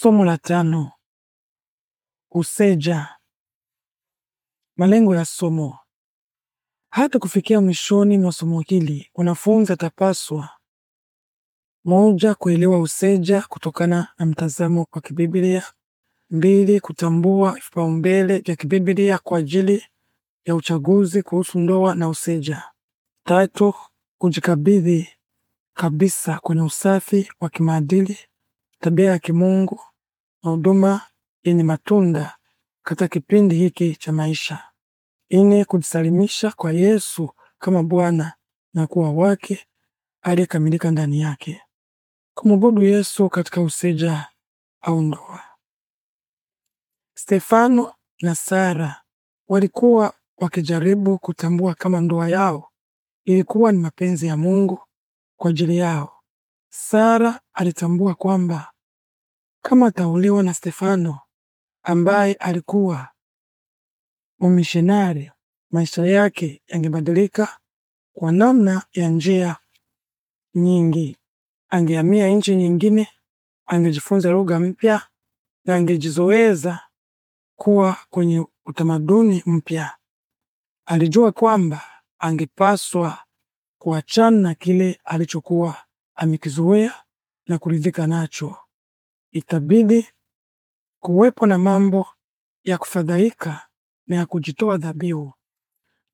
Somo la tano: Useja. Malengo ya somo. Hata kufikia mwishoni mwa somo hili, wanafunzi atapaswa: moja, kuelewa useja kutokana na mtazamo wa kibiblia; mbili, kutambua vipaumbele vya kibiblia kwa ajili ya uchaguzi kuhusu ndoa na useja; tatu, kujikabidhi kabisa kwenye usafi wa kimaadili tabia ya kimungu na huduma yenye matunda katika kipindi hiki cha maisha. ine kujisalimisha kwa Yesu kama Bwana na kuwa wake aliyekamilika ndani yake. Kumwabudu Yesu katika useja au ndoa. Stefano na Sara walikuwa wakijaribu kutambua kama ndoa yao ilikuwa ni mapenzi ya Mungu kwa ajili yao Sara alitambua kwamba kama tauliwa na Stefano ambaye alikuwa mumishenari maisha yake yangebadilika kwa namna ya njia nyingi. Angehamia nchi nyingine, angejifunza lugha mpya na angejizoeza kuwa kwenye utamaduni mpya. Alijua kwamba angepaswa kuachana na kile alichokuwa amekizoea na kuridhika nacho. Itabidi kuwepo na mambo ya kufadhaika na ya kujitoa dhabihu.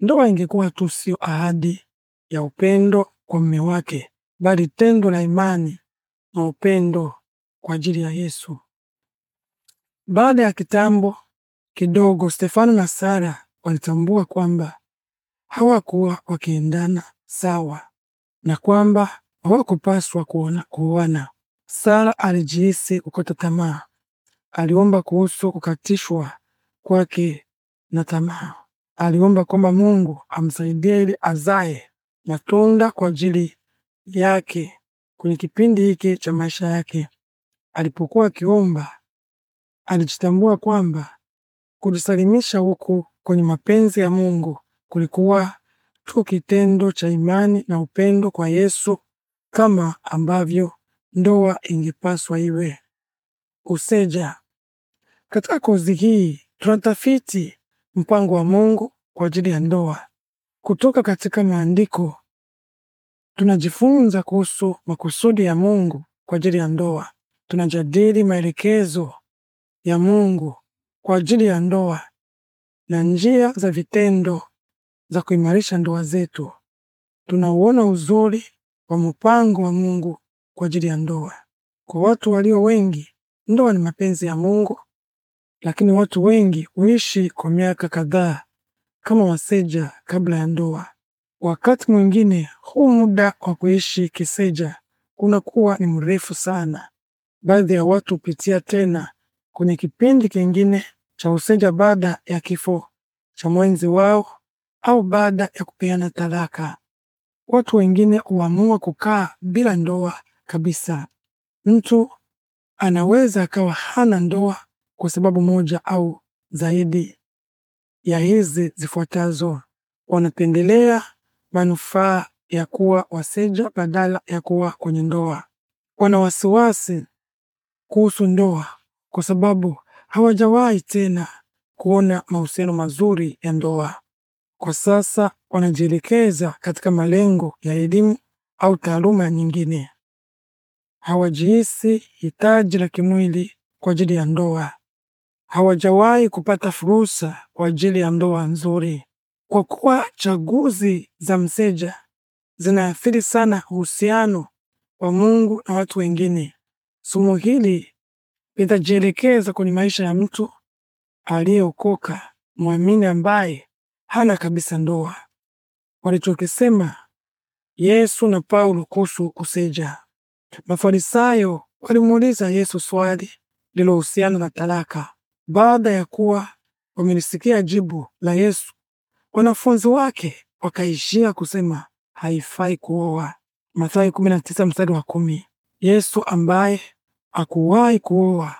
Ndoa ingekuwa tu sio ahadi ya upendo kwa mume wake, bali tendo la imani na upendo kwa ajili ya Yesu. Baada ya kitambo kidogo, Stefano na Sara walitambua kwamba hawakuwa wakiendana sawa na kwamba hawakupaswa kuoana. Sara alijihisi kukata tamaa, aliomba kuhusu kukatishwa kwake na tamaa. Aliomba kwamba Mungu amsaidie ili azae matunda kwa ajili yake kwenye kipindi hiki cha maisha yake. Alipokuwa akiomba, alijitambua kwamba kujisalimisha huku kwenye mapenzi ya Mungu kulikuwa tu kitendo cha imani na upendo kwa Yesu kama ambavyo ndoa ingepaswa iwe. Useja, katika kozi hii tunatafiti mpango wa Mungu kwa ajili ya ndoa kutoka katika maandiko. Tunajifunza kuhusu makusudi ya Mungu kwa ajili ya ndoa. Tunajadili maelekezo ya Mungu kwa ajili ya ndoa na njia za vitendo za kuimarisha ndoa zetu. Tunauona uzuri wa mpango wa Mungu kwa ajili ya ndoa. Kwa watu walio wengi, ndoa ni mapenzi ya Mungu, lakini watu wengi huishi kwa miaka kadhaa kama waseja kabla ya ndoa. Wakati mwingine huu muda wa kuishi kiseja kunakuwa ni mrefu sana. Baadhi ya watu hupitia tena kwenye kipindi kingine cha useja baada ya kifo cha mwenzi wao au baada ya kupeana talaka. Watu wengine huamua kukaa bila ndoa kabisa. Mtu anaweza akawa hana ndoa kwa sababu moja au zaidi ya hizi zifuatazo: wanapendelea manufaa ya kuwa waseja badala ya kuwa kwenye ndoa. Wana wasiwasi kuhusu ndoa kwa sababu hawajawahi tena kuona mahusiano mazuri ya ndoa kwa sasa wanajielekeza katika malengo ya elimu au taaluma nyingine. Hawajihisi hitaji la kimwili kwa ajili ya ndoa. Hawajawahi kupata fursa kwa ajili ya ndoa nzuri, kwa kuwa chaguzi za mseja zinaathiri sana uhusiano wa Mungu na watu wengine. Somo hili litajielekeza kwenye maisha ya mtu aliyeokoka, mwamini ambaye hana kabisa ndoa. Walichokisema Yesu na Paulo kuhusu kuseja. Mafarisayo walimuuliza Yesu swali lilohusiana na talaka. Baada ya kuwa wamelisikia jibu la Yesu, wanafunzi wake wakaishia kusema haifai kuoa. Mathayo 19 mstari wa kumi. Yesu ambaye hakuwahi kuoa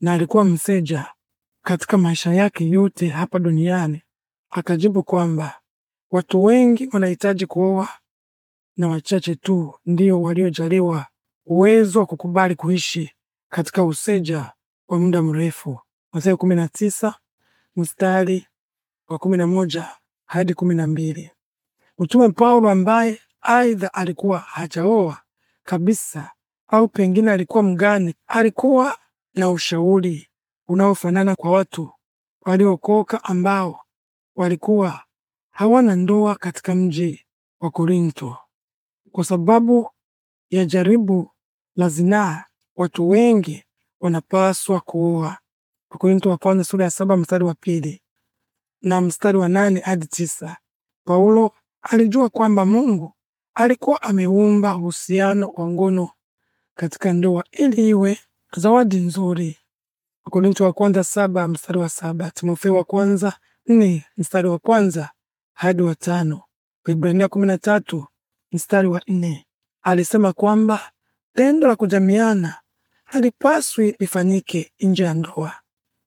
na alikuwa mseja katika maisha yake yote hapa duniani Akajibu kwamba watu wengi wanahitaji kuoa na wachache tu ndio waliojaliwa uwezo wa kukubali kuishi katika useja wa muda mrefu. Mathayo 19 mstari wa 11 hadi 12. Mtume Paulo ambaye aidha alikuwa hajaoa kabisa au pengine alikuwa mgani, alikuwa na ushauri unaofanana kwa watu waliokoka ambao walikuwa hawana ndoa katika mji wa Korinto. Kwa sababu ya jaribu la zinaa, watu wengi wanapaswa kuoa. Wakorintho wa kwanza sura ya saba mstari wa pili na mstari wa nane hadi tisa. Paulo alijua kwamba Mungu alikuwa ameumba uhusiano wa ngono katika ndoa ili iwe zawadi nzuri. Wakorintho wa kwanza saba mstari wa saba. Timotheo wa kwanza nne mstari wa kwanza hadi wa tano. Waebrania kumi na tatu mstari wa nne alisema kwamba tendo la kujamiana halipaswi lifanyike nje ya ndoa.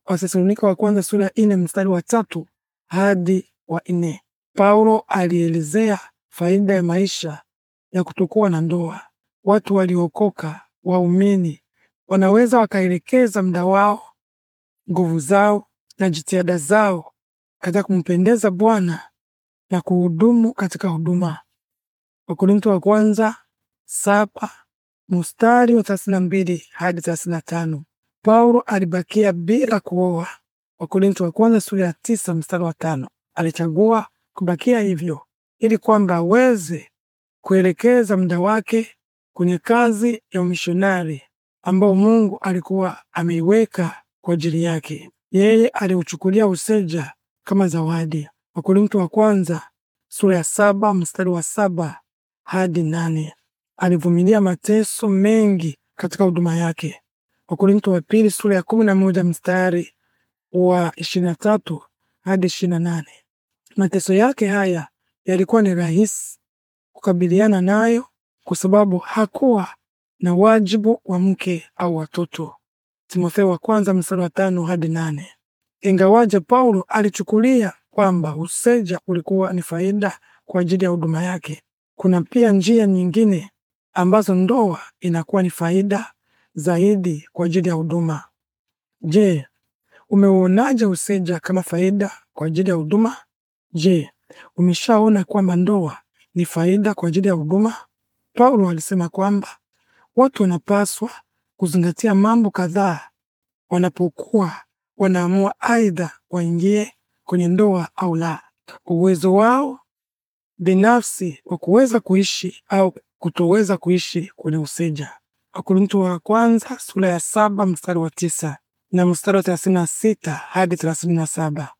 Wasesalonika wa kwanza sura ya nne mstari wa tatu hadi wa nne. Paulo alielezea faida ya maisha ya kutokuwa na ndoa. Watu waliokoka waumini wanaweza wakaelekeza muda wao, nguvu zao na jitihada zao katika kumpendeza Bwana na kuhudumu katika huduma. Wakorintho wa kwanza saba mstari wa mbili hadi tano. Paulo alibakia bila kuoa. Wakorintho wa kwanza sura ya tisa mstari wa tano. Alichagua kubakia hivyo ili kwamba aweze kuelekeza muda wake kwenye kazi ya umishonari ambao Mungu alikuwa ameiweka kwa ajili yake. Yeye aliuchukulia useja kama zawadi. Wakorintho wa kwanza sura ya saba mstari wa saba hadi nane. Alivumilia mateso mengi katika huduma yake. Wakorintho wa pili sura ya kumi na moja mstari wa ishirini na tatu hadi ishirini na nane. Mateso yake haya yalikuwa ni rahisi kukabiliana nayo kwa sababu hakuwa na wajibu wa mke au watoto. Timotheo wa kwanza mstari wa tano hadi nane. Ingawaje Paulo alichukulia kwamba useja ulikuwa ni faida kwa ajili ya huduma yake, kuna pia njia nyingine ambazo ndoa inakuwa ni faida zaidi kwa ajili ya huduma. Je, umeuonaje useja kama faida kwa ajili ya huduma? Je, umeshaona kwamba ndoa ni faida kwa ajili ya huduma? Paulo alisema kwamba watu wanapaswa kuzingatia mambo kadhaa wanapokuwa wanaamua aidha waingie kwenye ndoa au la. Uwezo wao binafsi wa kuweza kuishi au kutoweza kuishi kwenye usija. Wakorintho wa kwanza sura ya saba mstari wa tisa na mstari wa thelathini na sita hadi thelathini na saba.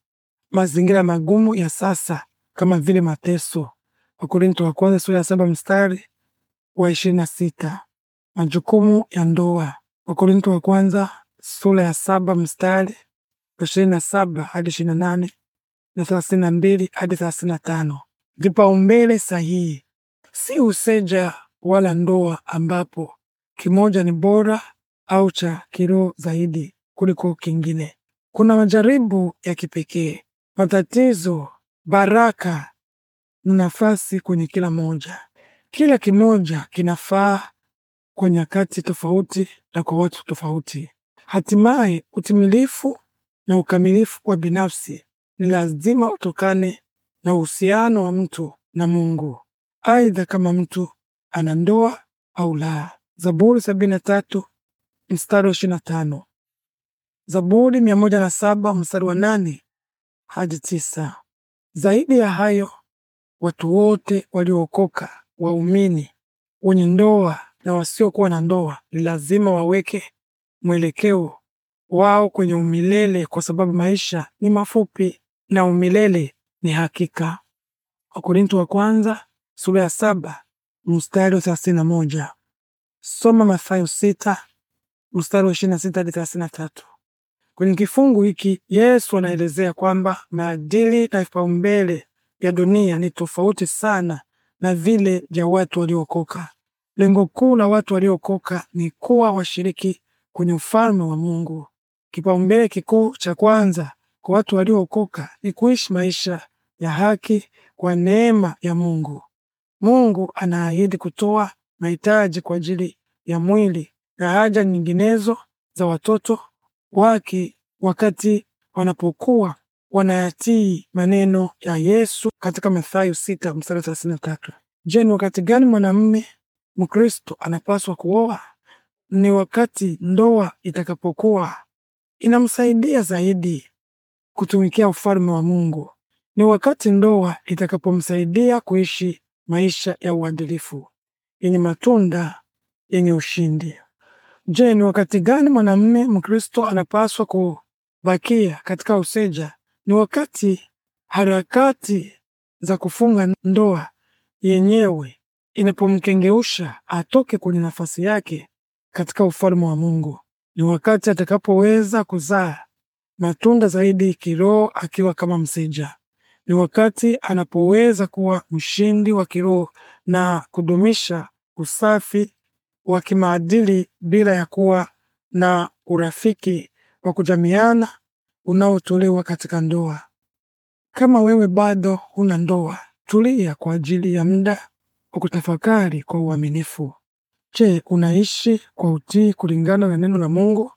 Mazingira magumu ya sasa kama vile mateso. Wakorintho wa kwanza sura ya saba mstari wa ishirini na sita. Majukumu ya ndoa. Wakorintho wa kwanza sura ya saba mstari ishirini na saba hadi ishirini na nane na thelathini na mbili hadi thelathini na tano Vipaumbele sahihi si useja wala ndoa ambapo kimoja ni bora au cha kiroho zaidi kuliko kingine. Kuna majaribu ya kipekee, matatizo, baraka na nafasi kwenye kila moja. Kila kimoja kinafaa kwa nyakati tofauti na kwa watu tofauti. Hatimaye utimilifu na ukamilifu kwa binafsi ni lazima utokane na uhusiano wa mtu na Mungu, aidha kama mtu ana ndoa au la. Zaburi 73 mstari wa 25, Zaburi 107 mstari wa 8 hadi 9. Zaidi ya hayo, watu wote waliookoka, waumini, wenye ndoa na wasiokuwa na ndoa, ni lazima waweke mwelekeo wao kwenye umilele, kwa sababu maisha ni mafupi na umilele ni hakika. Wakorintho wa kwanza sura ya saba mstari wa thelathini na moja. Soma Mathayo sita mstari wa ishirini na sita hadi thelathini na tatu. Kwenye kifungu hiki Yesu anaelezea kwamba maadili na vipaumbele ya dunia ni tofauti sana na vile vya watu waliokoka. Lengo kuu la watu waliokoka ni kuwa washiriki kwenye ufalme wa Mungu. Kipaumbele kikuu cha kwanza kwa watu waliookoka ni kuishi maisha ya haki kwa neema ya Mungu. Mungu anaahidi kutoa mahitaji kwa ajili ya mwili na haja nyinginezo za watoto wake wakati wanapokuwa wanayatii maneno ya Yesu katika Mathayo 6 mstari 33. Je, ni wakati gani mwanamume Mkristo anapaswa kuoa? Ni wakati ndoa itakapokuwa inamsaidia zaidi kutumikia ufalme wa Mungu. Ni wakati ndoa itakapomsaidia kuishi maisha ya uadilifu yenye matunda yenye ushindi. Je, ni wakati gani mwanamume Mkristo anapaswa kubakia katika useja? Ni wakati harakati za kufunga ndoa yenyewe inapomkengeusha atoke kwenye nafasi yake katika ufalme wa Mungu ni wakati atakapoweza kuzaa matunda zaidi kiroho akiwa kama msinja. Ni wakati anapoweza kuwa mshindi wa kiroho na kudumisha usafi wa kimaadili bila ya kuwa na urafiki wa kujamiana unaotolewa katika ndoa. Kama wewe bado huna ndoa, tulia kwa ajili ya muda wa kutafakari kwa uaminifu. Je, unaishi kwa utii kulingana na neno la Mungu?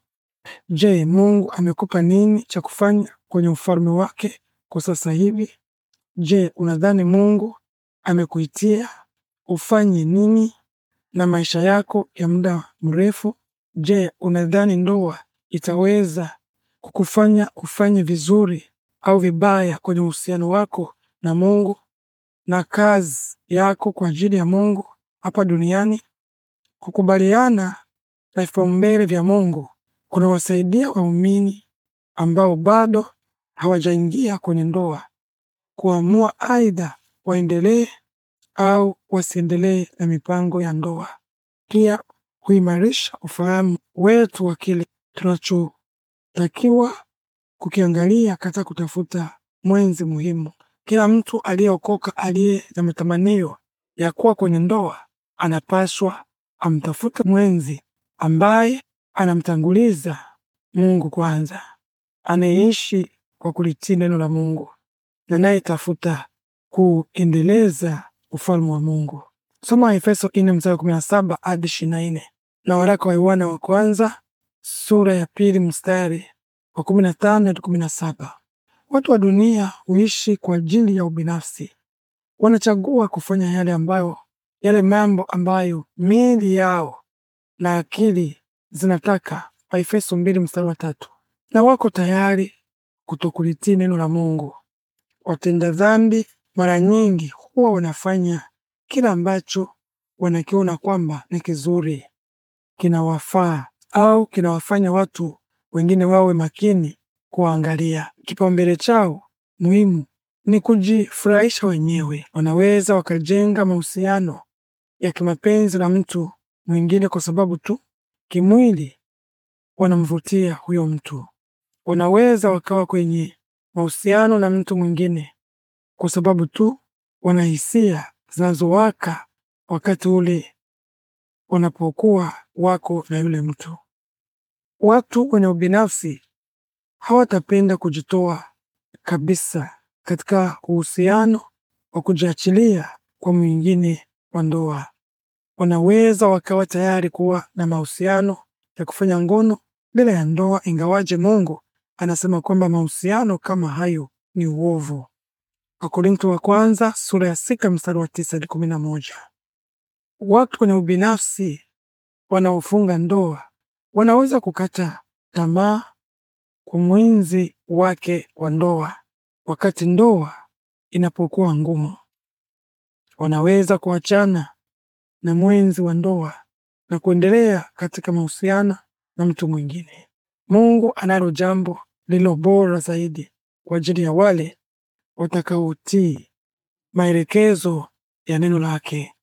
Je, Mungu amekupa nini cha kufanya kwenye ufalme wake kwa sasa hivi? Je, unadhani Mungu amekuitia ufanye nini na maisha yako ya muda mrefu? Je, unadhani ndoa itaweza kukufanya ufanye vizuri au vibaya kwenye uhusiano wako na Mungu na kazi yako kwa ajili ya Mungu hapa duniani? Kukubaliana na vipaumbele vya Mungu kunawasaidia waumini ambao bado hawajaingia kwenye ndoa kuamua aidha waendelee au wasiendelee na mipango ya ndoa. Pia huimarisha ufahamu wetu wa kile tunachotakiwa kukiangalia katika kutafuta mwenzi muhimu. Kila mtu aliyeokoka aliye na matamanio ya kuwa kwenye ndoa anapaswa amtafuta mwenzi ambaye anamtanguliza Mungu kwanza, anayeishi kwa kulitii neno la Mungu na anayetafuta kuendeleza ufalme wa Mungu. Soma Efeso 4 mstari 17 hadi 24 na waraka wa Yohana wa kwanza sura ya pili mstari wa 15 hadi 17. Watu wa dunia huishi kwa ajili ya ubinafsi, wanachagua kufanya yale ambayo yale mambo ambayo miili yao na akili zinataka. Waefeso mbili mstari wa tatu. Na wako tayari kutokulitii neno la Mungu. Watenda dhambi mara nyingi huwa wanafanya kila ambacho wanakiona kwamba ni kizuri, kinawafaa au kinawafanya watu wengine wawe makini kuangalia. Kipaumbele chao muhimu ni kujifurahisha wenyewe. Wanaweza wakajenga mahusiano ya kimapenzi na mtu mwingine kwa sababu tu kimwili wanamvutia huyo mtu. Wanaweza wakawa kwenye mahusiano na mtu mwingine kwa sababu tu wana hisia zinazowaka wakati ule wanapokuwa wako na yule mtu. Watu wenye ubinafsi hawatapenda kujitoa kabisa katika uhusiano wa kujiachilia kwa mwingine wa ndoa wanaweza wakawa tayari kuwa na mahusiano ya kufanya ngono bila ya ndoa, ingawaje Mungu anasema kwamba mahusiano kama hayo ni uovu. Wakorintho wa kwanza sura ya sita mstari wa tisa hadi kumi na moja. Watu wenye ubinafsi wanaofunga ndoa wanaweza kukata tamaa kwa mwenzi wake wa ndoa wakati ndoa inapokuwa ngumu. Wanaweza kuachana na mwenzi wa ndoa na kuendelea katika mahusiano na mtu mwingine. Mungu analo jambo lilo bora zaidi kwa ajili ya wale watakaotii maelekezo ya neno lake.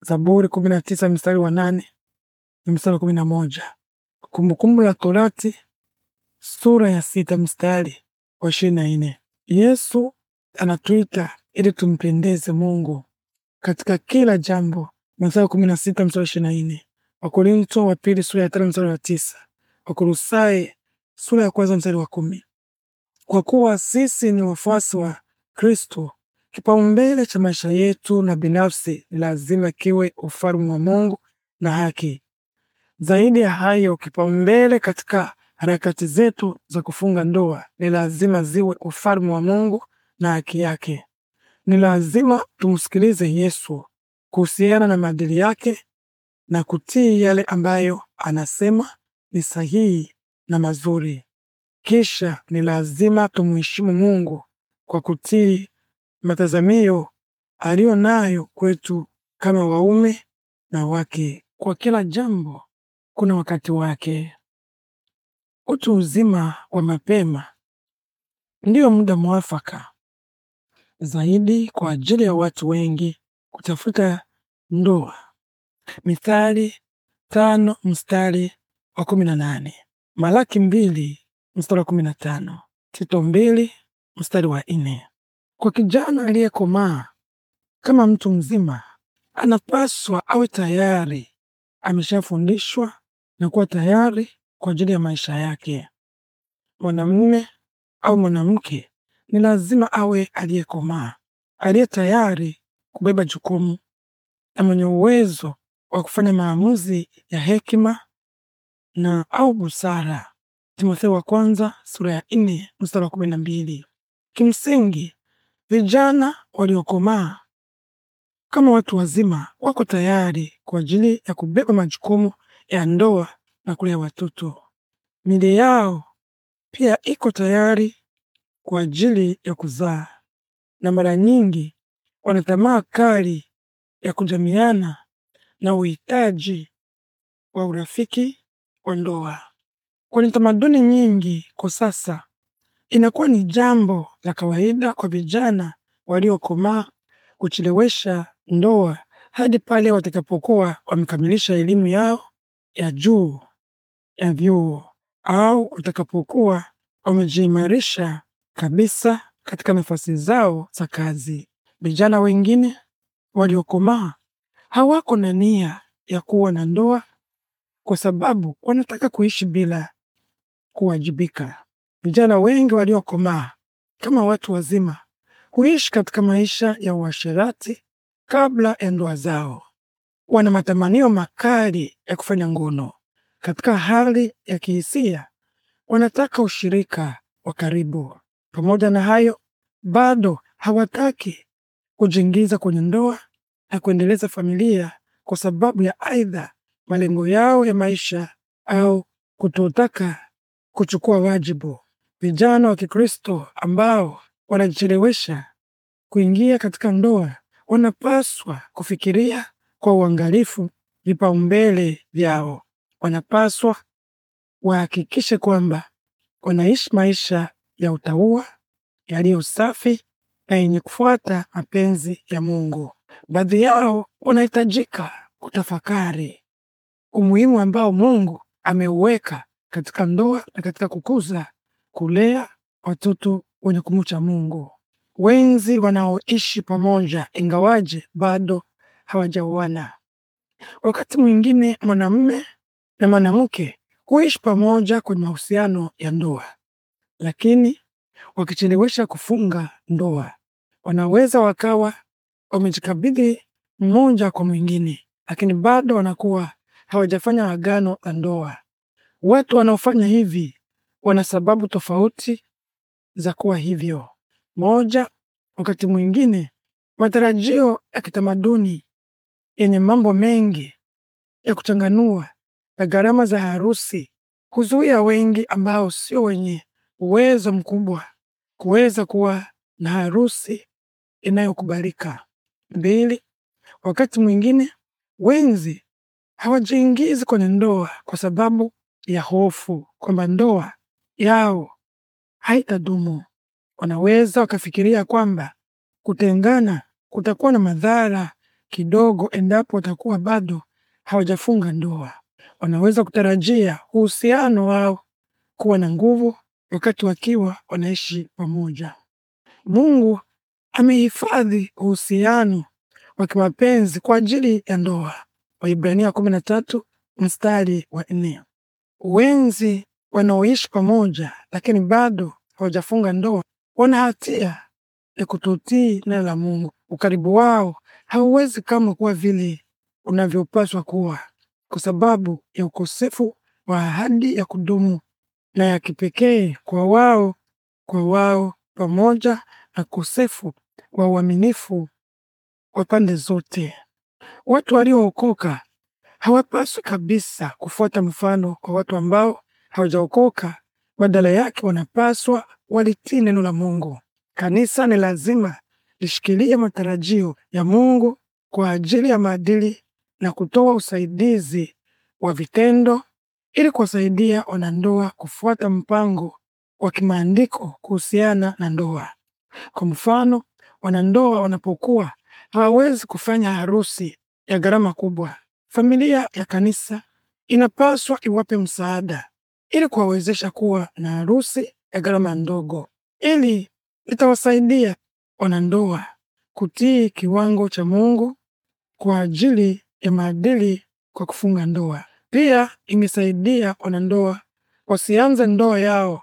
Zaburi 19 mstari wa 8 na mstari wa 11. Kumbukumbu la Torati sura ya sita mstari wa 24. Yesu anatuita ili tumpendeze Mungu katika kila jambo Mathayo 16 mstari wa 24, Wakorintho wa pili sura ya tano mstari wa 9, Wakolosai sura ya kwanza mstari wa 10. Kwa kuwa sisi ni wafuasi wa Kristo, kipaumbele cha maisha yetu na binafsi lazima kiwe ufalme wa Mungu na haki. Zaidi ya hayo, kipaumbele katika harakati zetu za kufunga ndoa ni lazima ziwe ufalme wa Mungu na haki yake. Ni lazima tumsikilize Yesu kuhusiana na maadili yake na kutii yale ambayo anasema ni sahihi na mazuri. Kisha ni lazima tumheshimu Mungu kwa kutii matazamio aliyo nayo kwetu kama waume na wake. Kwa kila jambo kuna wakati wake. Utu uzima wa mapema ndiyo muda mwafaka zaidi kwa ajili ya watu wengi kutafuta ndoa. Mithali tano mstari wa kumi na nane Malaki mbili mstari wa kumi na tano Tito mbili mstari wa nne Kwa kijana aliyekomaa kama mtu mzima anapaswa awe tayari ameshafundishwa na kuwa tayari kwa ajili ya maisha yake. Mwanamume au mwanamke ni lazima awe aliyekomaa, aliye tayari kubeba jukumu na mwenye uwezo wa kufanya maamuzi ya hekima na au busara. Timotheo wa kwanza sura ya nne mstari wa kumi na mbili. Kimsingi, vijana waliokomaa kama watu wazima wako tayari kwa ajili ya kubeba majukumu ya ndoa na kulea watoto. Mili yao pia iko tayari kwa ajili ya kuzaa na mara nyingi wana tamaa kali ya kujamiana na uhitaji wa urafiki wa ndoa. Kwenye tamaduni nyingi kwa sasa, inakuwa ni jambo la kawaida kwa vijana waliokomaa kuchelewesha ndoa hadi pale watakapokuwa wamekamilisha elimu yao ya juu ya vyuo au watakapokuwa wamejiimarisha kabisa katika nafasi zao za kazi. Vijana wengine waliokomaa hawako na nia ya kuwa na ndoa kwa sababu wanataka kuishi bila kuwajibika. Vijana wengi waliokomaa kama watu wazima huishi katika maisha ya uasherati kabla ya ndoa zao. Wana matamanio makali ya kufanya ngono. Katika hali ya kihisia, wanataka ushirika wa karibu. Pamoja na hayo, bado hawataki kujiingiza kwenye ndoa na kuendeleza familia kwa sababu ya aidha malengo yao ya maisha au kutotaka kuchukua wajibu. Vijana wa Kikristo ambao wanajichelewesha kuingia katika ndoa wanapaswa kufikiria kwa uangalifu vipaumbele vyao. Wanapaswa wahakikishe kwamba wanaishi maisha ya utaua yaliyo safi na yenye kufuata mapenzi ya Mungu. Baadhi yao unahitajika kutafakari umuhimu ambao Mungu ameuweka katika ndoa na katika kukuza kulea watoto wenye kumcha Mungu. Wenzi wanaoishi pamoja ingawaje bado hawajaoana, wakati mwingine mwanamume na mwanamke huishi pamoja kwenye mahusiano ya ndoa, lakini wakichelewesha kufunga ndoa, wanaweza wakawa wamejikabidhi mmoja kwa mwingine, lakini bado wanakuwa hawajafanya agano la ndoa. Watu wanaofanya hivi wana sababu tofauti za kuwa hivyo. Moja, wakati mwingine matarajio ya kitamaduni yenye mambo mengi ya kuchanganua na gharama za harusi huzuia wengi ambao sio wenye uwezo mkubwa kuweza kuwa na harusi inayokubalika. Mbili, wakati mwingine wenzi hawajiingizi kwenye ndoa kwa sababu ya hofu kwamba ndoa yao haitadumu. Wanaweza wakafikiria kwamba kutengana kutakuwa na madhara kidogo endapo watakuwa bado hawajafunga ndoa. Wanaweza kutarajia uhusiano wao kuwa na nguvu wakati wakiwa wanaishi pamoja. Mungu amehifadhi uhusiano wa kimapenzi kwa ajili ya ndoa. Waibrania kumi na tatu mstari wa nne. Wenzi wanaoishi pamoja lakini bado hawajafunga ndoa wana hatia ya kutotii neno la Mungu. Ukaribu wao hauwezi kama kuwa vile unavyopaswa kuwa kwa sababu ya ukosefu wa ahadi ya kudumu na ya kipekee kwa wao kwa wao pamoja na kosefu wa uaminifu kwa pande zote. Watu waliookoka hawapaswi kabisa kufuata mfano kwa watu ambao hawajaokoka. Badala yake, wanapaswa walitii neno la Mungu. Kanisa ni lazima lishikilie matarajio ya Mungu kwa ajili ya maadili na kutoa usaidizi wa vitendo ili kuwasaidia wanandoa kufuata mpango wa kimaandiko kuhusiana na ndoa. Kwa mfano, wanandoa wanapokuwa hawawezi kufanya harusi ya gharama kubwa, familia ya kanisa inapaswa iwape msaada ili kuwawezesha kuwa na harusi ya gharama ndogo. Ili itawasaidia wanandoa kutii kiwango cha Mungu kwa ajili ya maadili kwa kufunga ndoa. Pia ingesaidia wanandoa wasianze ndoa yao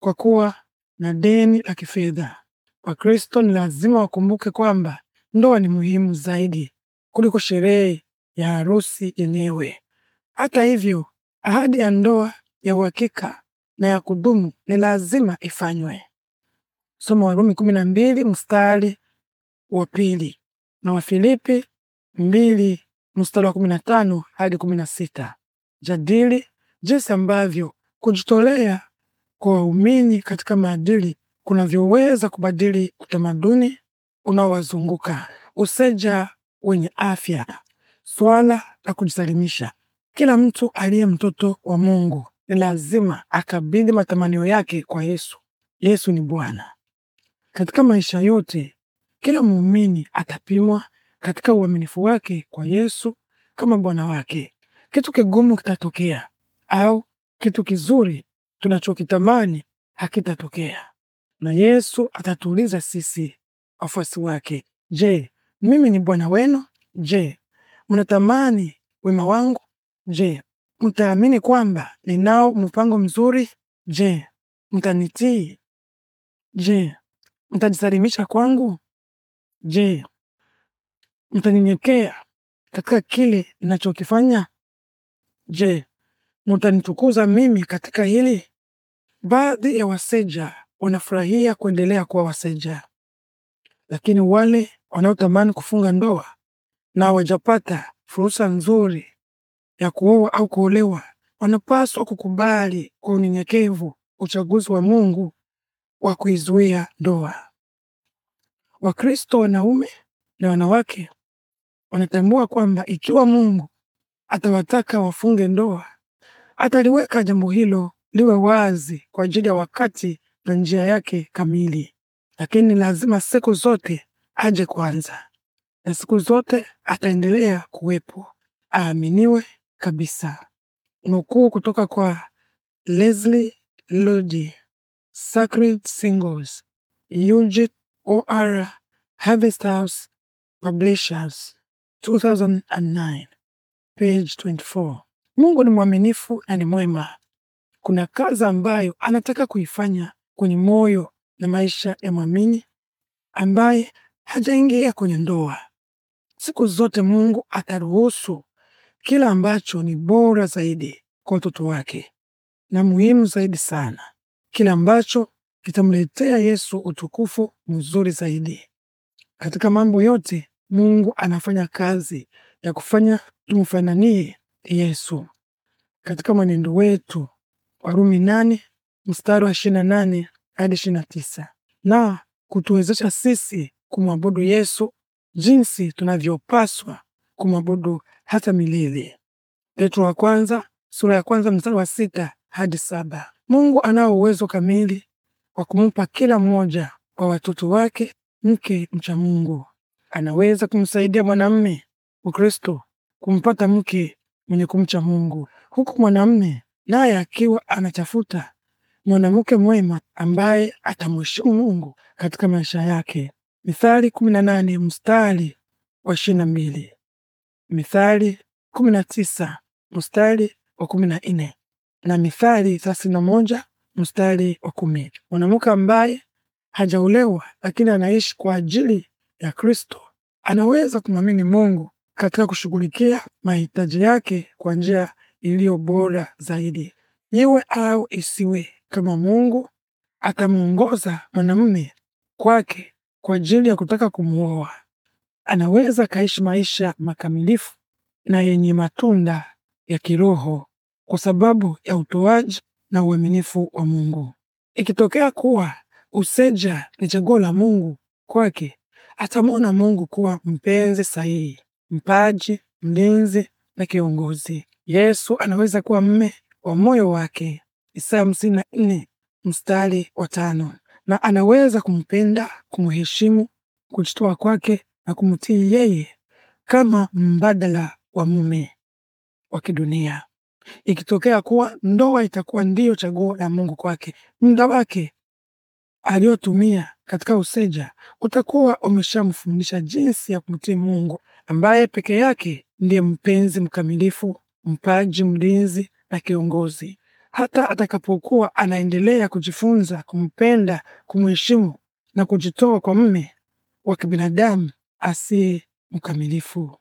kwa kuwa na deni la kifedha. Wakristo ni lazima wakumbuke kwamba ndoa ni muhimu zaidi kuliko sherehe ya harusi yenyewe. Hata hivyo, ahadi ya ndoa ya uhakika na ya kudumu ni lazima ifanywe. Soma Warumi kumi na mbili mstari wa pili na Wafilipi mbili mstari wa kumi na tano hadi kumi na sita jadili jinsi ambavyo kujitolea kwa waumini katika maadili kunavyoweza kubadili utamaduni unaowazunguka. Useja wenye afya, swala la kujisalimisha. Kila mtu aliye mtoto wa Mungu ni lazima akabidhi matamanio yake kwa Yesu. Yesu ni Bwana. Katika maisha yote, kila muumini atapimwa katika uaminifu wake kwa Yesu kama Bwana wake kitu kigumu kitatokea au kitu kizuri tunachokitamani hakitatokea. Na Yesu atatuuliza sisi wafuasi wake, je, mimi ni Bwana wenu? Je, mnatamani wema wangu? Je, mtaamini kwamba ninao mpango mzuri? Je, mtanitii? Je, mtajisalimisha kwangu? Je, mtaninyekea katika kile ninachokifanya? Je, mutanitukuza mimi katika hili? Baadhi ya waseja wanafurahia kuendelea kuwa waseja, lakini wale wanaotamani kufunga ndoa na hawajapata fursa nzuri ya kuoa au kuolewa wanapaswa kukubali kwa unyenyekevu uchaguzi wa Mungu wa kuizuia ndoa. Wakristo wanaume na wanawake wanatambua kwamba ikiwa Mungu atawataka wafunge ndoa, ataliweka jambo hilo liwe wazi kwa ajili ya wakati na njia yake kamili, lakini lazima siku zote aje kwanza, na siku zote ataendelea kuwepo, aaminiwe kabisa. Nukuu kutoka kwa Leslie Lodi, Sacred Singles, Ujit O.R. Harvest House Publishers, 2009 page 24. Mungu ni mwaminifu na ni mwema. Kuna kazi ambayo anataka kuifanya kwenye moyo na maisha ya mwamini ambaye hajaingia kwenye ndoa. Siku zote Mungu ataruhusu kila ambacho ni bora zaidi kwa watoto wake na muhimu zaidi sana, kila ambacho kitamletea Yesu utukufu mzuri zaidi. Katika mambo yote Mungu anafanya kazi ya kufanya tumfananie Yesu katika mwenendo wetu, Warumi nane mstari wa ishirini na nane hadi ishirini na tisa na kutuwezesha sisi kumwabudu Yesu jinsi tunavyopaswa kumwabudu hata milele. Petro wa kwanza sura ya kwanza mstari wa sita hadi saba. Mungu anao uwezo kamili wa kumpa kila mmoja wa watoto wake mke mcha Mungu. Anaweza kumsaidia mwanamume Ukristo kumpata mke mwenye kumcha Mungu, huku mwanamme naye akiwa anatafuta mwanamke mwema ambaye atamheshimu Mungu katika maisha yake. Mithali 18 mstari wa 22. Mithali 19 mstari wa 14 na Mithali 31 mstari wa kumi. Mwanamke ambaye hajaolewa lakini anaishi kwa ajili ya Kristo anaweza kumwamini Mungu katika kushughulikia mahitaji yake kwa njia iliyo bora zaidi. Iwe au isiwe, kama Mungu atamwongoza mwanamume kwake kwa ajili ya kutaka kumwoa, anaweza kaishi maisha makamilifu na yenye matunda ya kiroho kwa sababu ya utoaji na uaminifu wa Mungu. Ikitokea kuwa useja ni chaguo la Mungu kwake, atamwona Mungu kuwa mpenzi sahihi mpaji, mlinzi na kiongozi. Yesu anaweza kuwa mme wa moyo wake, Isaya hamsini na nne mstari wa tano, na anaweza kumpenda, kumheshimu, kujitoa kwake na kumtii yeye kama mbadala wa mume wa kidunia. Ikitokea kuwa ndoa itakuwa ndiyo chaguo la Mungu kwake, muda wake aliyotumia katika useja utakuwa umeshamfundisha jinsi ya kumtii Mungu ambaye peke yake ndiye mpenzi mkamilifu, mpaji, mlinzi na kiongozi. Hata atakapokuwa anaendelea kujifunza kumpenda, kumheshimu na kujitoa kwa mme wa kibinadamu asiye mkamilifu.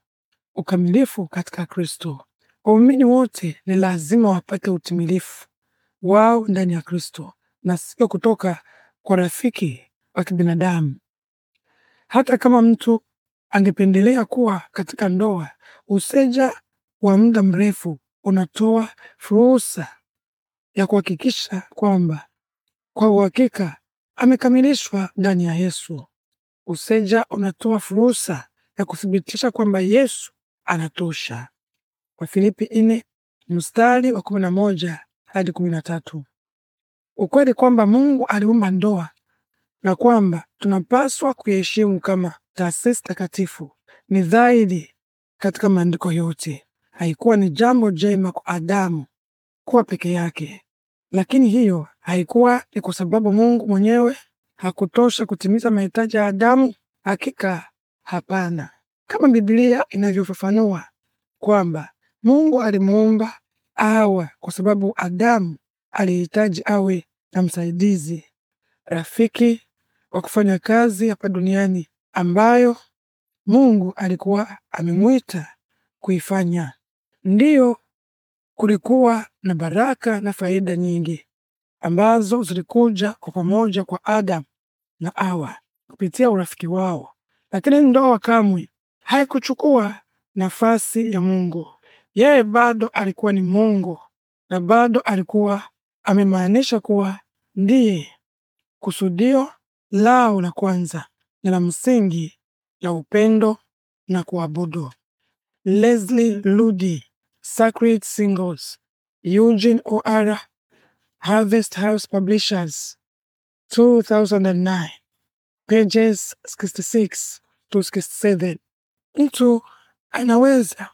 Ukamilifu katika Kristo. Waumini wote ni lazima wapate utimilifu wao ndani ya Kristo na sio kutoka kwa rafiki wa kibinadamu. Hata kama mtu angependelea kuwa katika ndoa. Useja wa muda mrefu unatoa fursa ya kuhakikisha kwamba kwa uhakika amekamilishwa ndani ya Yesu. Useja unatoa fursa ya kuthibitisha kwamba Yesu anatosha. Filipi ine mstari wa kumi na moja hadi kumi na tatu. Ukweli kwamba Mungu aliumba ndoa na kwamba tunapaswa kuheshimu kama taasisi takatifu ni zaidi katika maandiko yote, haikuwa ni jambo jema kwa Adamu kuwa peke yake, lakini hiyo haikuwa ni kwa sababu Mungu mwenyewe hakutosha kutimiza mahitaji ya Adamu. Hakika hapana, kama Biblia inavyofafanua kwamba Mungu alimuumba awa kwa sababu Adamu alihitaji awe na msaidizi, rafiki wa kufanya kazi hapa duniani ambayo Mungu alikuwa amemwita kuifanya. Ndiyo, kulikuwa na baraka na faida nyingi ambazo zilikuja kwa pamoja kwa Adamu na Hawa kupitia urafiki wao, lakini ndoa kamwe haikuchukua nafasi ya Mungu. Yeye bado alikuwa ni Mungu na bado alikuwa amemaanisha kuwa ndiye kusudio lao la kwanza ni la msingi ya upendo na kuabudu. Leslie ludi Sacred Singles, Eugene O'Hara, Harvest House Publishers, 2009, pages 66 to 67. Mtu anaweza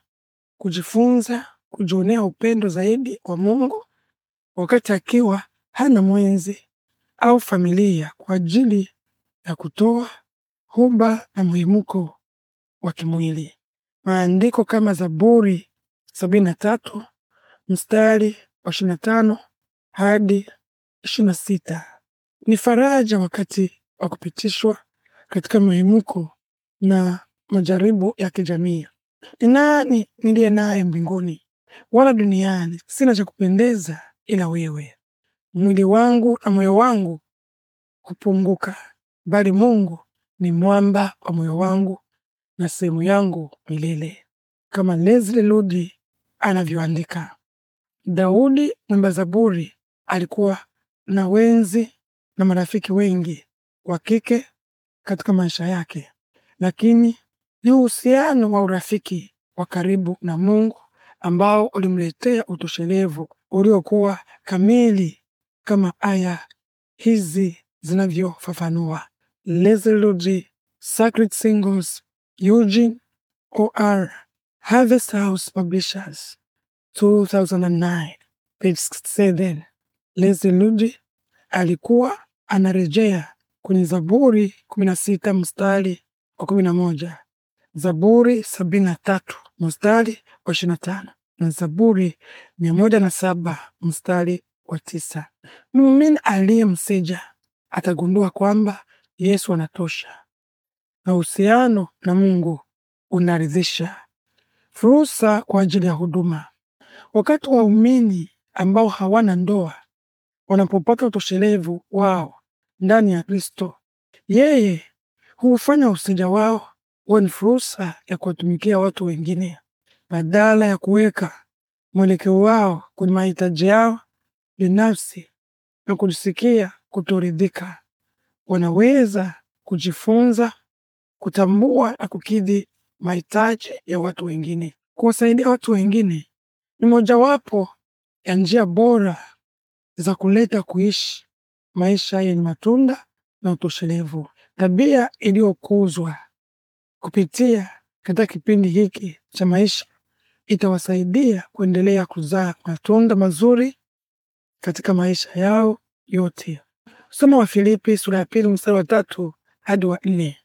kujifunza kujionea upendo zaidi kwa Mungu wakati akiwa hana mwenzi au familia kwa ajili ya kutoa huba na muhimuko wa kimwili. Maandiko kama Zaburi sabini na tatu mstari wa ishirini na tano hadi ishirini na sita ni faraja wakati wa kupitishwa katika mwimuko na majaribu ya kijamii. Ni nani niliye naye mbinguni, wala duniani sina cha kupendeza ila wewe. Mwili wangu na moyo wangu kupunguka, bali Mungu ni mwamba kwa moyo wangu na sehemu yangu milele, kama Leslie Ludi anavyoandika. Daudi mwimba Zaburi alikuwa na wenzi na marafiki wengi wa kike katika maisha yake, lakini ni uhusiano wa urafiki wa karibu na Mungu ambao ulimletea utoshelevu uliokuwa kamili, kama aya hizi zinavyofafanua. Laserlogy, Sacred Singles, Eugene, OR, Harvest House Publishers, 2009, page 7. Laserlogy alikuwa anarejea kwenye Zaburi 16 mstari wa 11, Zaburi 73 mstari wa 25 na Zaburi 107 mstari wa tisa. Muumini aliyemsija atagundua kwamba Yesu anatosha na uhusiano na Mungu unaridhisha. Fursa kwa ajili ya huduma. Wakati waumini ambao hawana ndoa wanapopata utoshelevu wao ndani ya Kristo, yeye huufanya usija wao uwe ni fursa ya kuwatumikia watu wengine badala ya kuweka mwelekeo wao kwenye mahitaji yao binafsi na kujisikia kutoridhika wanaweza kujifunza, kutambua na kukidhi mahitaji ya watu wengine. Kuwasaidia watu wengine ni mojawapo ya njia bora za kuleta kuishi maisha yenye matunda na utoshelevu. Tabia iliyokuzwa kupitia katika kipindi hiki cha maisha itawasaidia kuendelea kuzaa matunda mazuri katika maisha yao yote. Soma wa Filipi sura ya pili mstari wa tatu hadi wa nne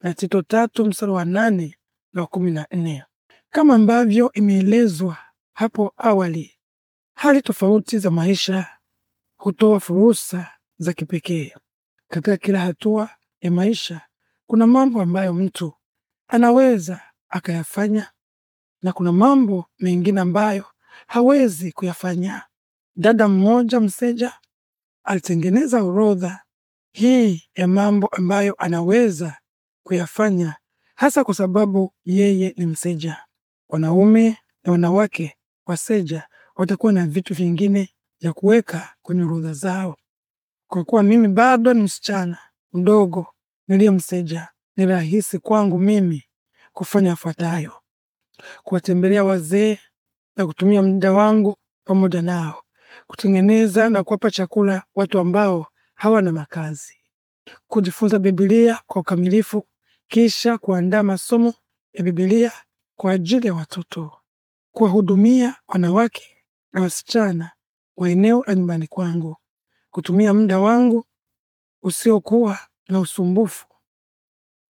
na Tito tatu mstari wa nane na wa kumi na nne. Kama ambavyo imeelezwa hapo awali, hali tofauti za maisha hutoa fursa za kipekee. Katika kila hatua ya maisha kuna mambo ambayo mtu anaweza akayafanya na kuna mambo mengine ambayo hawezi kuyafanya. Dada mmoja mseja alitengeneza orodha hii ya mambo ambayo anaweza kuyafanya, hasa kwa sababu yeye ni mseja. Wanaume na wanawake waseja watakuwa na vitu vingine vya kuweka kwenye orodha zao. Kwa kuwa mimi bado ni msichana mdogo niliye mseja, ni rahisi kwangu mimi kufanya yafuatayo: kuwatembelea wazee na kutumia muda wangu pamoja nao, kutengeneza na kuwapa chakula watu ambao hawana makazi, kujifunza Biblia kwa ukamilifu, kisha kuandaa masomo ya Biblia kwa ajili ya watoto, kuwahudumia wanawake na wasichana wa eneo la nyumbani kwangu, kutumia muda wangu usiokuwa na usumbufu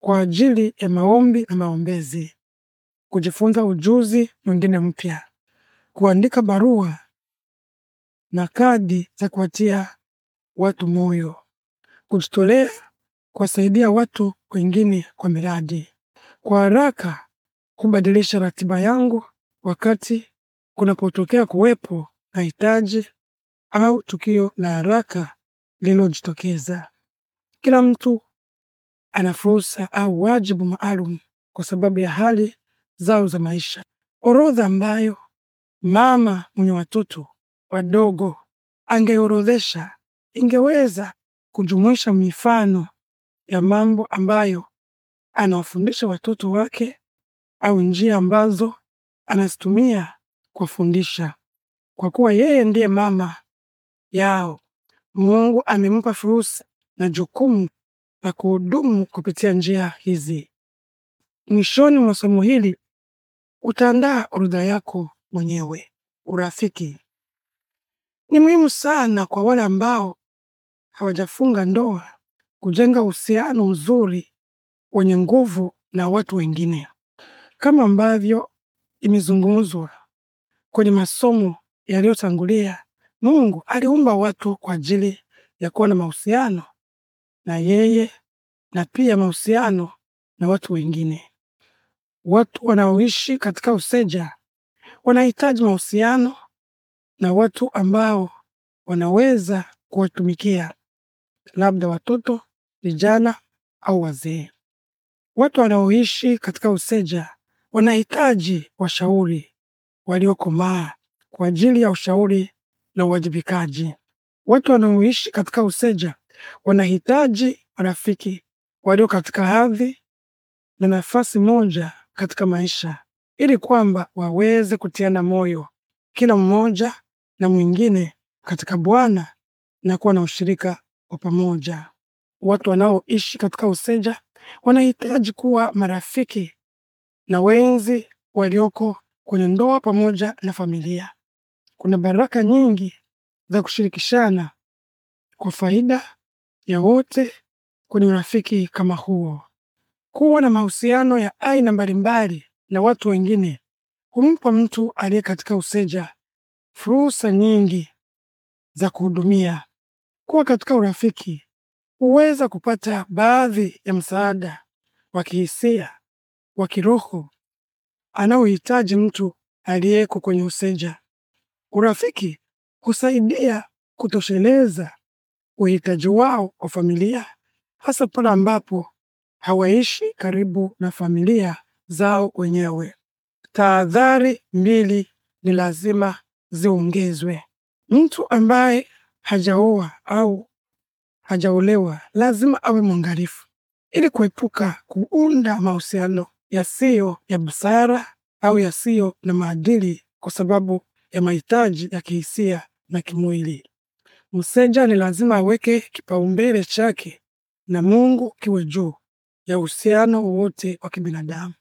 kwa ajili ya maombi na maombezi, kujifunza ujuzi mwingine mpya, kuandika barua na kadi za kuwatia watu moyo, kujitolea, kuwasaidia watu wengine kwa miradi. Kwa haraka kubadilisha ratiba yangu wakati kunapotokea kuwepo na hitaji au tukio la haraka lililojitokeza. Kila mtu ana fursa au wajibu maalum kwa sababu ya hali zao za maisha. Orodha ambayo mama mwenye watoto wadogo angeorodhesha, ingeweza kujumuisha mifano ya mambo ambayo anawafundisha watoto wake au njia ambazo anazitumia kuwafundisha. Kwa kuwa yeye ndiye mama yao, Mungu amempa fursa na jukumu la kuhudumu kupitia njia hizi. Mwishoni mwa somo hili utaandaa orodha yako mwenyewe. Urafiki ni muhimu sana kwa wale ambao hawajafunga ndoa kujenga uhusiano mzuri wenye nguvu na watu wengine, kama ambavyo imezungumzwa kwenye masomo yaliyotangulia. Mungu aliumba watu kwa ajili ya kuwa na mahusiano na yeye na pia mahusiano na watu wengine. Watu wanaoishi katika useja wanahitaji mahusiano na watu ambao wanaweza kuwatumikia, labda watoto, vijana au wazee. Watu wanaoishi katika useja wanahitaji washauri waliokomaa kwa ajili ya ushauri na uwajibikaji. Watu wanaoishi katika useja wanahitaji marafiki walio katika hadhi na nafasi moja katika maisha, ili kwamba waweze kutiana moyo, kila mmoja na mwingine katika Bwana na kuwa na ushirika wa pamoja. Watu wanaoishi katika useja wanahitaji kuwa marafiki na wenzi walioko kwenye ndoa pamoja na familia. Kuna baraka nyingi za kushirikishana kwa faida ya wote kwenye urafiki kama huo. Kuwa na mahusiano ya aina mbalimbali na watu wengine humpa mtu aliye katika useja fursa nyingi za kuhudumia. Kuwa katika urafiki, huweza kupata baadhi ya msaada wa kihisia, wa kiroho anaohitaji mtu aliyeko kwenye useja Urafiki husaidia kutosheleza uhitaji wao wa familia, hasa pale ambapo hawaishi karibu na familia zao wenyewe. Tahadhari mbili ni lazima ziongezwe. Mtu ambaye hajaoa au hajaolewa lazima awe mwangalifu ili kuepuka kuunda mahusiano yasiyo ya busara au yasiyo na maadili kwa sababu ya mahitaji ya kihisia na kimwili. Mseja ni lazima aweke kipaumbele chake na Mungu kiwe juu ya uhusiano wote wa kibinadamu.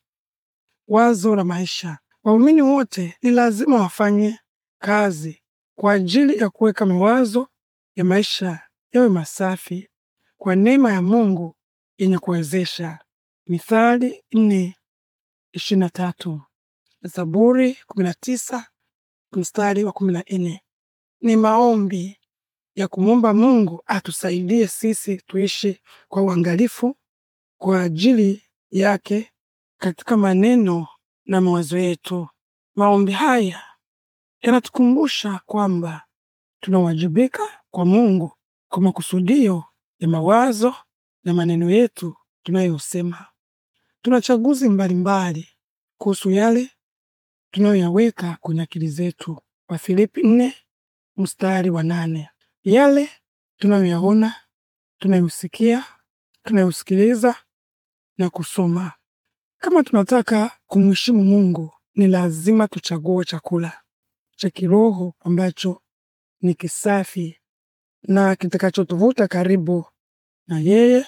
Wazo la maisha: waumini wote ni lazima wafanye kazi kwa ajili ya kuweka mawazo ya maisha yawe masafi kwa neema ya Mungu yenye kuwezesha. Mithali nne na tatu Zaburi kumi na tisa mstari wa kumi na nne ni maombi ya kumwomba Mungu atusaidie sisi tuishi kwa uangalifu kwa ajili yake katika maneno na mawazo yetu. Maombi haya yanatukumbusha kwamba tunawajibika kwa Mungu kwa makusudio ya mawazo na maneno yetu tunayosema. Tuna chaguzi mbalimbali kuhusu yale tunayoyaweka kwenye akili zetu. Wafilipi nne mstari wa nane. Yale tunayoyaona, tunayosikia, tunayosikiliza na kusoma. Kama tunataka kumheshimu Mungu, ni lazima tuchague chakula cha kiroho ambacho ni kisafi na kitakachotuvuta karibu na yeye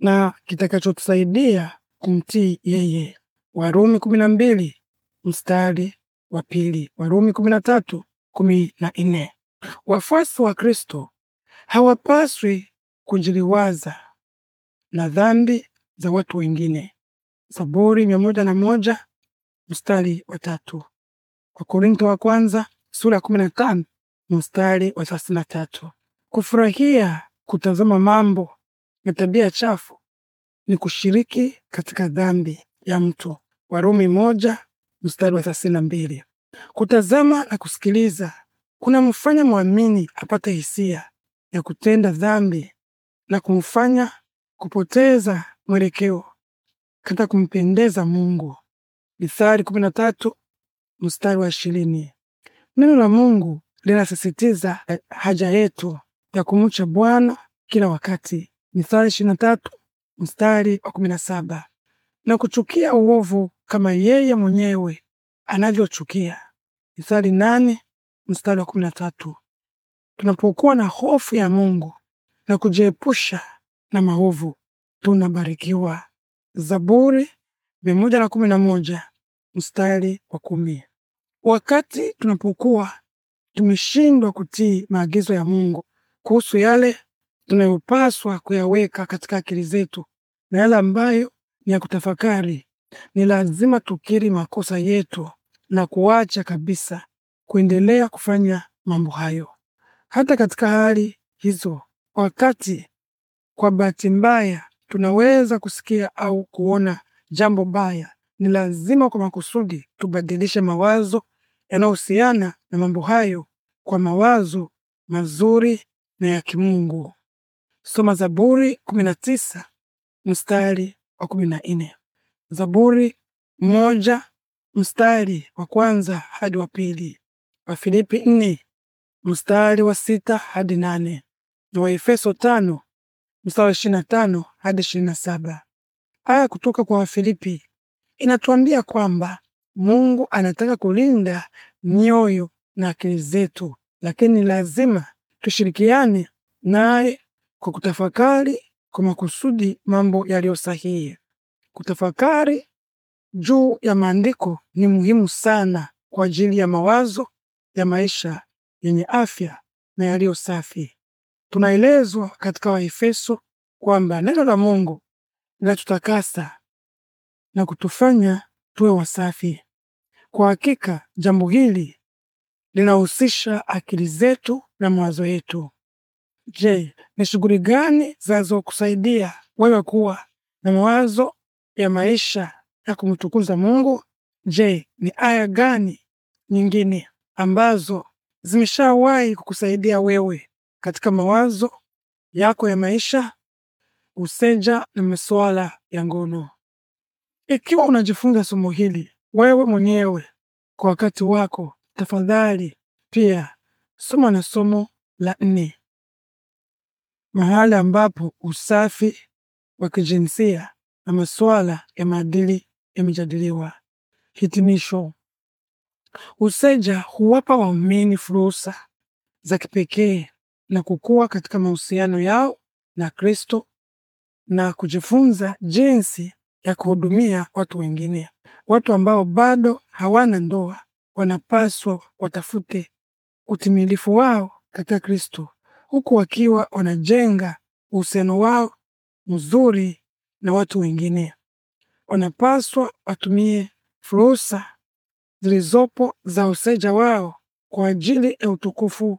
na kitakachotusaidia kumtii yeye. Warumi kumi na mbili mstari wa pili, Warumi kumi na tatu kumi na nne. Wafuasi wa Kristo hawapaswi kujiliwaza na dhambi za watu wengine. Zaburi mia moja na moja mstari wa tatu. Wakorintho wa kwanza sura ya kumi na tano mstari wa thelathini na tatu. Kufurahia kutazama mambo na tabia chafu ni kushiriki katika dhambi ya mtu. Warumi moja mstari wa thelathini na mbili. Kutazama na kusikiliza kunamfanya mwamini apate hisia ya kutenda dhambi na kumfanya kupoteza mwelekeo kata kumpendeza Mungu. Mithali kumi na tatu mstari wa ishirini. Neno la Mungu linasisitiza eh, haja yetu ya kumcha Bwana kila wakati, Mithali ishirini na tatu mstari wa kumi na saba na kuchukia uovu kama yeye mwenyewe anavyochukia, Mithali nane mstari wa kumi na tatu. Tunapokuwa na hofu ya Mungu na kujiepusha na maovu tunabarikiwa. Zaburi mia moja na kumi na moja mstari wa kumi. Wakati tunapokuwa tumeshindwa kutii maagizo ya Mungu kuhusu yale tunayopaswa kuyaweka katika akili zetu na yale ambayo ni ya kutafakari, ni lazima tukiri makosa yetu na kuacha kabisa kuendelea kufanya mambo hayo. Hata katika hali hizo, wakati kwa bahati mbaya tunaweza kusikia au kuona jambo baya, ni lazima kwa makusudi tubadilishe mawazo yanayohusiana na mambo hayo kwa mawazo mazuri na ya kimungu. Soma Zaburi 19 mstari wa 14. Zaburi moja mstari wa kwanza hadi wa pili Wafilipi 4 mstari wa sita hadi nane na Waefeso tano mstari wa ishirini na tano hadi ishirini na saba Aya kutoka kwa Wafilipi inatuambia kwamba Mungu anataka kulinda mioyo na akili zetu, lakini lazima tushirikiane naye kwa kutafakari kwa makusudi mambo yaliyo sahihi. Kutafakari juu ya maandiko ni muhimu sana kwa ajili ya mawazo ya maisha yenye afya na yaliyo safi. Tunaelezwa katika Waefeso kwamba neno la Mungu linatutakasa na kutufanya tuwe wasafi. Kwa hakika jambo hili linahusisha akili zetu na mawazo yetu. Je, ni shughuli gani zinazokusaidia wewe kuwa na mawazo ya maisha ya kumtukuza Mungu? Je, ni aya gani nyingine ambazo zimeshawahi kukusaidia wewe katika mawazo yako ya maisha? Usenja na masuala ya ngono. Ikiwa unajifunza somo hili wewe mwenyewe kwa wakati wako, tafadhali pia soma na somo la nne, mahali ambapo usafi wa kijinsia na masuala ya maadili yamejadiliwa. Hitimisho: USEJA huwapa waumini fursa za kipekee na kukua katika mahusiano yao na Kristo na kujifunza jinsi ya kuhudumia watu wengine. Watu ambao bado hawana ndoa wanapaswa watafute utimilifu wao katika Kristo, huku wakiwa wanajenga uhusiano wao mzuri na watu wengine. Wanapaswa watumie fursa zilizopo za useja wao kwa ajili ya utukufu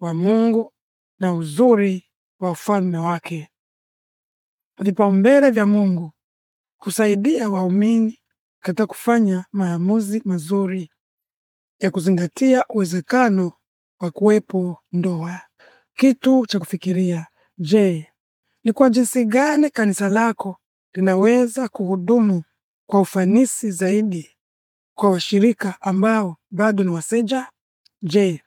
wa Mungu na uzuri wa ufalme wake. Vipaumbele vya Mungu kusaidia waumini katika kufanya maamuzi mazuri ya kuzingatia uwezekano wa kuwepo ndoa. Kitu cha kufikiria: je, ni kwa jinsi gani kanisa lako linaweza kuhudumu kwa ufanisi zaidi kwa washirika ambao bado ni waseja? Je,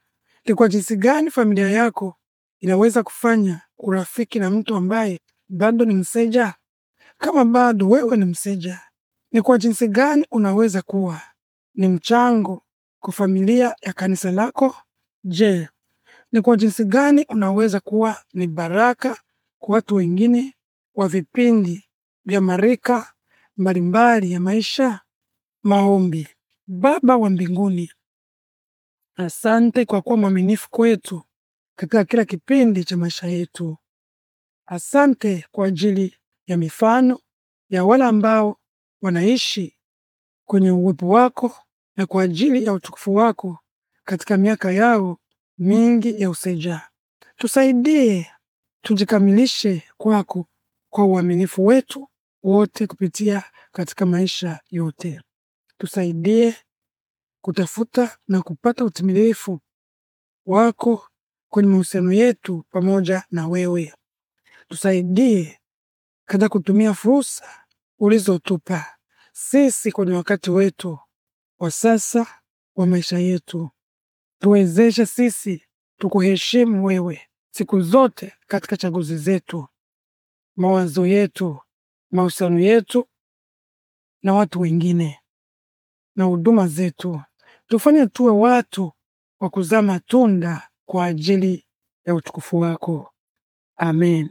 ni kwa jinsi gani familia yako inaweza kufanya urafiki na mtu ambaye bado ni mseja? Kama bado wewe ni mseja, ni kwa jinsi gani unaweza kuwa ni mchango kwa familia ya kanisa lako? Je, ni kwa jinsi gani unaweza kuwa ni baraka kwa watu wengine wa vipindi vya marika mbalimbali ya maisha? Maombi. Baba wa mbinguni, asante kwa kuwa mwaminifu kwetu katika kila kipindi cha maisha yetu. Asante kwa ajili ya mifano ya wale ambao wanaishi kwenye uwepo wako na kwa ajili ya utukufu wako katika miaka yao mingi ya useja Tusaidie tujikamilishe kwako kwa uaminifu wetu wote kupitia katika maisha yote. Tusaidie kutafuta na kupata utimilifu wako kwenye mahusiano yetu pamoja na wewe. Tusaidie katika kutumia fursa ulizotupa sisi kwenye wakati wetu wa sasa wa maisha yetu. Tuwezeshe sisi tukuheshimu wewe siku zote katika chaguzi zetu, mawazo yetu, mahusiano yetu na watu wengine na huduma zetu. Tufanye tuwe watu wa kuzaa matunda kwa ajili ya utukufu wako. Amen.